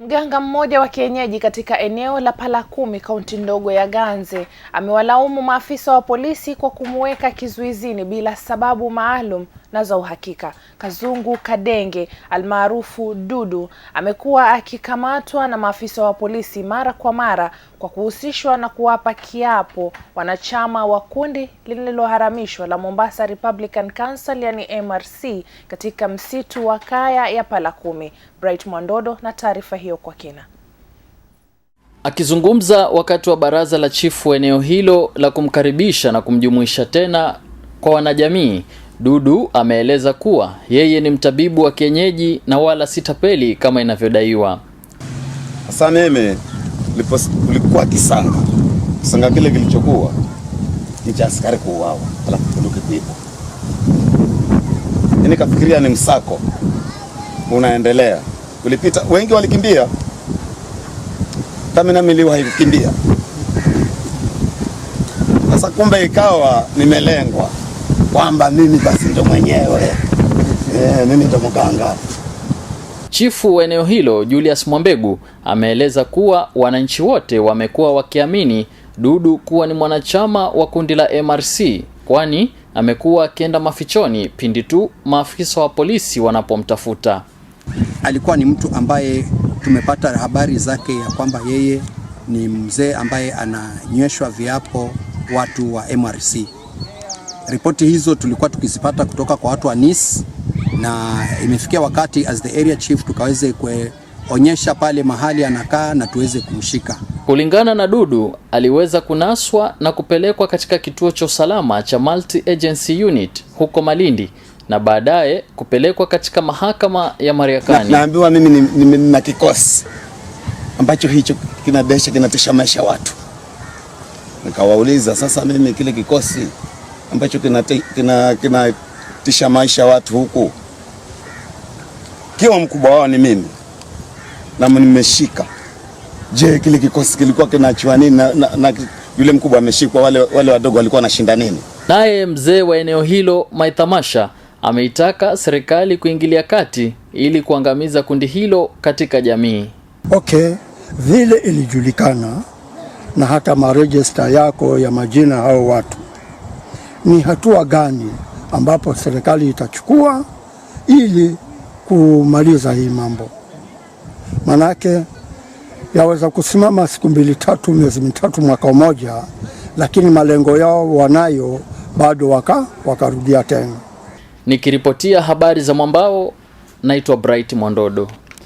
Mganga mmoja wa kienyeji katika eneo la Palakumi kaunti ndogo ya Ganze amewalaumu maafisa wa polisi kwa kumuweka kizuizini bila sababu maalum na za uhakika. Kazungu Kadenge almaarufu Dudu amekuwa akikamatwa na maafisa wa polisi mara kwa mara kwa kuhusishwa na kuwapa kiapo wanachama wa kundi lililoharamishwa la Mombasa Republican Council yani MRC katika msitu wa Kaya ya Palakumi. Bright Mwandodo na taarifa hiyo kwa kina. Akizungumza wakati wa baraza la chifu eneo hilo la kumkaribisha na kumjumuisha tena kwa wanajamii Dudu ameeleza kuwa yeye ni mtabibu wa kienyeji na wala si tapeli kama inavyodaiwa. Hasa mimi ulikuwa kisanga, kisanga kile kilichokuwa ni cha askari kuuawa, alafu bunduki Yaani kafikiria ni msako unaendelea, ulipita, wengi walikimbia, kama nami niliwahi kukimbia. Sasa kumbe ikawa nimelengwa kwamba mimi basi ndo mwenyewe eh, mimi ndo mganga. Chifu wa eneo hilo Julius Mwambegu ameeleza kuwa wananchi wote wamekuwa wakiamini Dudu kuwa ni mwanachama wa kundi la MRC kwani amekuwa akienda mafichoni pindi tu maafisa wa polisi wanapomtafuta. Alikuwa ni mtu ambaye tumepata habari zake ya kwamba yeye ni mzee ambaye ananyweshwa viapo watu wa MRC. Ripoti hizo tulikuwa tukizipata kutoka kwa watu wa NIS na imefikia wakati as the area chief tukaweze kuonyesha pale mahali anakaa na tuweze kumshika. Kulingana na Dudu, aliweza kunaswa na kupelekwa katika kituo cha usalama cha Multi Agency Unit huko Malindi na baadaye kupelekwa katika mahakama ya mariakani Naambiwa na mimi na kikosi ambacho hicho kinadesha kinatisha maisha watu. Nikawauliza sasa, mimi kile kikosi ambacho kinatisha kina, kina maisha watu huku. Kiwa mkubwa wao ni mimi na nimeshika. Je, kile kikosi kilikuwa kinachua nini na, na, na yule mkubwa ameshikwa, wale, wale wadogo walikuwa wanashinda nini? Naye mzee wa eneo hilo Maithamasha ameitaka serikali kuingilia kati ili kuangamiza kundi hilo katika jamii. Okay, vile ilijulikana na hata marejista yako ya majina hao watu ni hatua gani ambapo serikali itachukua ili kumaliza hii mambo. Manake yaweza kusimama siku mbili tatu, miezi mitatu, mwaka mmoja, lakini malengo yao wanayo bado, waka wakarudia tena. Nikiripotia habari za Mwambao, naitwa Bright Mwandodo.